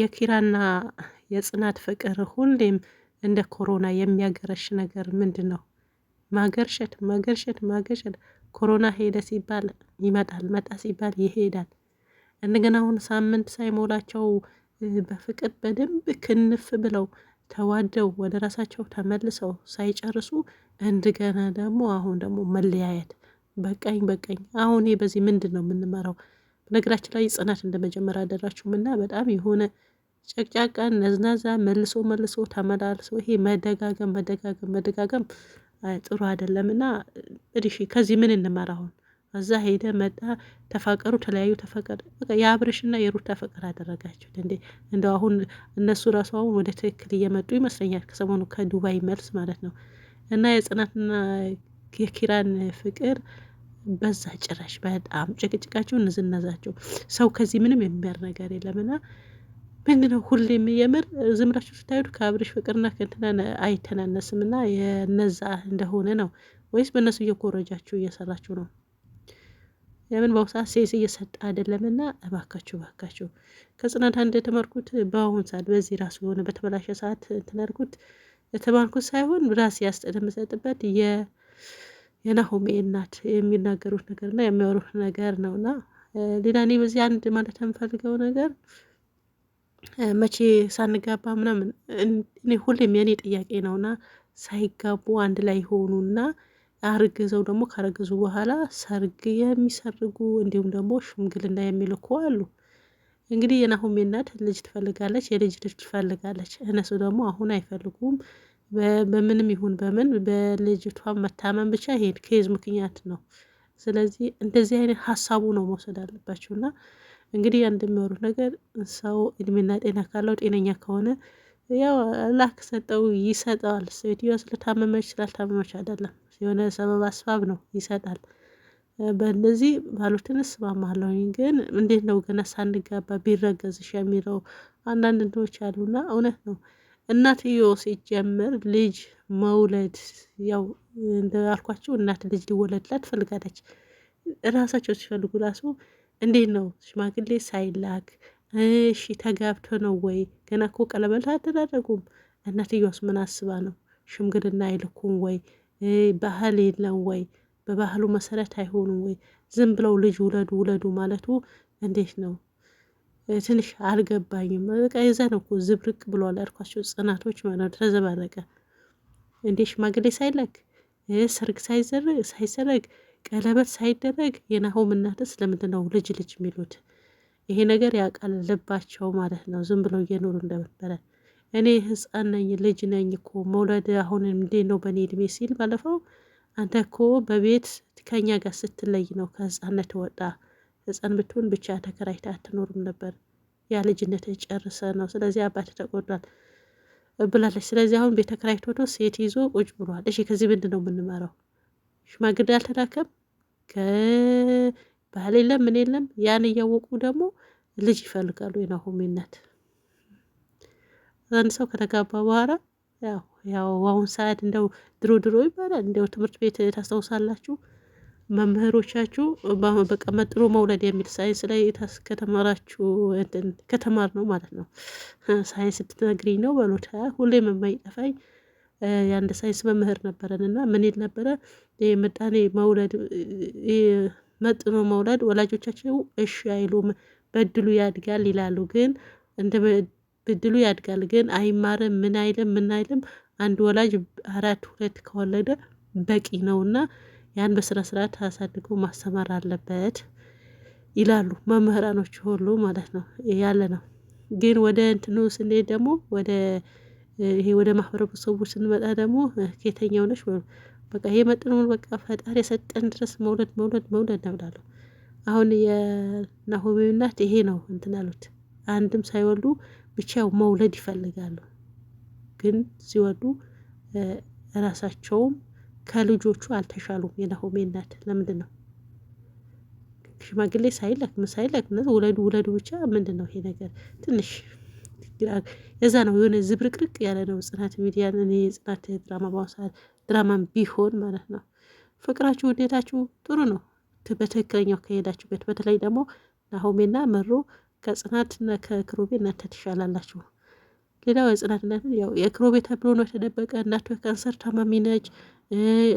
የኪራና የጽናት ፍቅር ሁሌም እንደ ኮሮና የሚያገረሽ ነገር ምንድን ነው? ማገርሸት ማገርሸት ማገርሸት። ኮሮና ሄደ ሲባል ይመጣል፣ መጣ ሲባል ይሄዳል። እንደገና አሁን ሳምንት ሳይሞላቸው በፍቅር በደንብ ክንፍ ብለው ተዋደው ወደ ራሳቸው ተመልሰው ሳይጨርሱ እንደገና ደግሞ አሁን ደግሞ መለያየት በቃኝ በቃኝ። አሁን በዚህ ምንድን ነው የምንመራው? በእግራችን ላይ ጽናት እንደመጀመር አደራችሁም እና በጣም የሆነ ጨቅጫቃ ነዝናዛ መልሶ መልሶ ተመላልሶ ይሄ መደጋገም መደጋገም መደጋገም ጥሩ አይደለም እና እሺ ከዚህ ምን እንማር አሁን? እዛ ሄደ መጣ ተፋቀሩ፣ ተለያዩ፣ ተፈቀረ። በቃ የአብርሽና የሩታ ፍቅር አደረጋችሁት እንዴ? እንደው አሁን እነሱ ራሱ አሁን ወደ ትክክል እየመጡ ይመስለኛል፣ ከሰሞኑ ከዱባይ መልስ ማለት ነው እና የጽናትና የኪራን ፍቅር በዛ ጭራሽ በጣም ጭቅጭቃቸው ንዝነዛቸው ሰው ከዚህ ምንም የሚያር ነገር የለምና ምንድን ነው ሁሌም የምር ዝምራችሁ ስታዩት ከአብርሽ ፍቅርና ከንትና አይተናነስም እና የነዛ እንደሆነ ነው ወይስ በእነሱ እየኮረጃችሁ እየሰራችሁ ነው? ለምን በአሁኑ ሰዓት ሴስ እየሰጠ አይደለም እና እባካችሁ እባካችሁ ከጽናት አንድ የተማርኩት በአሁን ሰዓት በዚህ ራሱ የሆነ በተበላሸ ሰዓት ትነርኩት የተማርኩት ሳይሆን ራስ ያስጠለምሰጥበት የ የናሆሜ እናት የሚናገሩት ነገር እና የሚያወሩት ነገር ነው እና ሌላ እኔ በዚህ አንድ ማለት የምፈልገው ነገር መቼ ሳንጋባ ምናምን እኔ ሁሌም የእኔ ጥያቄ ነውና ሳይጋቡ አንድ ላይ እና አርግዘው ደግሞ ካረገዙ በኋላ ሰርግ የሚሰርጉ እንዲሁም ደግሞ ሽምግልና የሚልኩ አሉ። እንግዲህ የናሆሜ እናት ልጅ ትፈልጋለች፣ የልጅ ልጅ ትፈልጋለች። እነሱ ደግሞ አሁን አይፈልጉም። በምንም ይሁን በምን በልጅቷ መታመን ብቻ ይሄን ኬዝ ምክንያት ነው። ስለዚህ እንደዚህ አይነት ሀሳቡ ነው መውሰድ አለባቸው እና እንግዲህ እንደሚወሩት ነገር ሰው እድሜና ጤና ካለው ጤነኛ ከሆነ ያው አላህ ከሰጠው ይሰጠዋል። ሴትዮዋ ስለታመመች ስላልታመመች አይደለም፣ የሆነ ሰበብ አስባብ ነው ይሰጣል። በእነዚህ ባሉትን እስማማለሁኝ። ግን እንዴት ነው ገና ሳንጋባ ቢረገዝሽ የሚለው አንዳንድ እንትኖች አሉና እውነት ነው። እናትዮ ሲጀምር ልጅ መውለድ ያው እንዳልኳቸው እናት ልጅ ሊወለድላት ትፈልጋለች። እራሳቸው ሲፈልጉ ራሱ እንዴት ነው ሽማግሌ ሳይላክ እሺ ተጋብቶ ነው ወይ? ገና እኮ ቀለበት አልተደረጉም። እናትዮስ ምን አስባ ነው? ሽምግልና አይልኩም ወይ? ባህል የለም ወይ? በባህሉ መሰረት አይሆኑም ወይ? ዝም ብለው ልጅ ውለዱ ውለዱ ማለቱ እንዴት ነው? ትንሽ አልገባኝም። በቃ ነው እኮ ዝብርቅ ብሏል ያልኳቸው ጽናቶች ማለት ተዘባረቀ እንዴ ሽማግሌ ሳይላክ ሰርግ ሳይሰረግ ቀለበት ሳይደረግ የናሆም እናትስ ለምንድን ነው ልጅ ልጅ የሚሉት? ይሄ ነገር ልባቸው ማለት ነው። ዝም ብለው እየኖሩ እንደነበረ እኔ ህፃን ነኝ ልጅ ነኝ እኮ መውለድ አሁን እንዴ ነው በእኔ እድሜ ሲል ባለፈው አንተ እኮ በቤት ከኛ ጋር ስትለይ ነው ከህፃነት ወጣ ህፃን ብትሆን ብቻ ተከራይታ አትኖርም ነበር። ያ ልጅነት ጨርሰ ነው። ስለዚህ አባት ተጎዷል ብላለች። ስለዚህ አሁን ቤት ተከራይቶ ሴት ይዞ ቁጭ ብሏል። እሺ ከዚህ ምንድን ነው የምንመራው? ሽማግሌ አልተላከም፣ ባህል የለም፣ ምን የለም። ያን እያወቁ ደግሞ ልጅ ይፈልጋሉ። የናሆሚነት አንድ ሰው ከተጋባ በኋላ ያው ያው አሁን ሰዓት እንደው ድሮ ድሮ ይባላል እንደው ትምህርት ቤት ታስታውሳላችሁ መምህሮቻችሁ በቃ መጥሎ መውለድ የሚል ሳይንስ ላይ ከተማራችሁ ከተማር ነው ማለት ነው። ሳይንስ ትነግሪኝ ነው በሎት። ሁሌም የማይጠፋኝ የአንድ ሳይንስ መምህር ነበረን እና ምን ይል ነበረ? ምጣኔ መውለድ መጥኖ መውለድ ወላጆቻቸው እሺ አይሉም። በድሉ ያድጋል ይላሉ፣ ግን እንደ ብድሉ ያድጋል ግን አይማርም። ምን አይልም ምን አይልም። አንድ ወላጅ አራት ሁለት ከወለደ በቂ እና ያን በስነ ስርዓት አሳድጎ ማስተማር አለበት ይላሉ መምህራኖች ሁሉ ማለት ነው ያለ ነው። ግን ወደ እንትኑ ስንሄድ ደግሞ ወደ ይሄ ወደ ማህበረሰቡ ስንመጣ ደግሞ ኬተኛው ነሽ በቃ የመጥነውን በቃ ፈጣሪ የሰጠን ድረስ መውለድ መውለድ መውለድ ነው ይላሉ። አሁን የናሆሜ እናት ይሄ ነው እንትን አሉት አንድም ሳይወልዱ ብቻው መውለድ ይፈልጋሉ። ግን ሲወልዱ ራሳቸውም ከልጆቹ አልተሻሉም። የናሆሜ እናት ለምንድን ነው ሽማግሌ ሳይለክም ሳይለቅ ውለዱ ውለዱ ብቻ ምንድን ነው ይሄ ነገር? ትንሽ የዛ ነው የሆነ ዝብርቅርቅ ያለ ነው። ጽናት ሚዲያ ጽናት ድራማ በአሁኑ ሰዓት ድራማን ቢሆን ማለት ነው። ፍቅራችሁ ውዴታችሁ ጥሩ ነው በትክክለኛው ከሄዳችሁበት። በተለይ ደግሞ ናሆሜና መሮ ከጽናትና ከክሮቤ እናንተ ትሻላላችሁ። ሌላው የጽናት እናት ያው የክሮቤ ተብሎ ነው የተደበቀ። እናቱ የካንሰር ታማሚ ነች።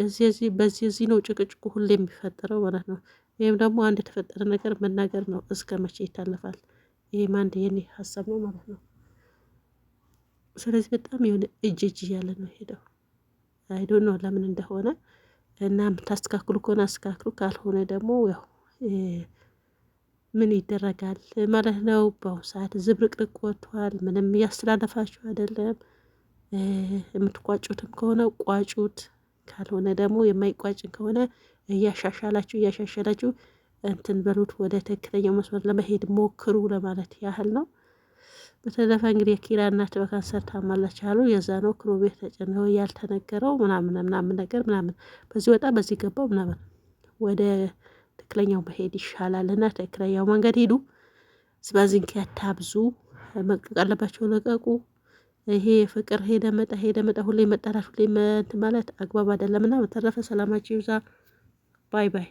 እዚህ በዚህ እዚህ ነው ጭቅጭቁ ሁሌ የሚፈጠረው ማለት ነው። ወይም ደግሞ አንድ የተፈጠረ ነገር መናገር ነው። እስከ መቼ ይታለፋል? ይህም አንድ የኔ ሀሳብ ነው ማለት ነው። ስለዚህ በጣም የሆነ እጅ እጅ እያለ ነው ሄደው አይዶ ነው ለምን እንደሆነ እና የምታስተካክሉ ከሆነ አስተካክሉ፣ ካልሆነ ደግሞ ያው ምን ይደረጋል ማለት ነው። በአሁኑ ሰዓት ዝብርቅርቅ ወጥቷል። ምንም እያስተላለፋችሁ አይደለም። የምትቋጩትም ከሆነ ቋጩት፣ ካልሆነ ደግሞ የማይቋጭን ከሆነ እያሻሻላችሁ እያሻሻላችሁ እንትን በሉት። ወደ ትክክለኛው መስመር ለመሄድ ሞክሩ ለማለት ያህል ነው። በተረፈ እንግዲህ የኪራ እናት በካንሰር ታማለች አሉ። የዛ ነው ክሮ ቤት ተጨነው ያልተነገረው ምናምን ምናምን ነገር ምናምን በዚህ ወጣ በዚህ ገባው ምናምን ወደ ትክክለኛው መሄድ ይሻላል እና ትክክለኛው መንገድ ሄዱ። ስባዝንኪ አታብዙ። መልቀቅ አለባቸው ለቀቁ። ይሄ ፍቅር ሄደ መጣ ሄደ መጣ ሁሌ መጠራት ሁሌ ማለት አግባብ እና በተረፈ ሰላማችሁ ይብዛ። ባይ ባይ።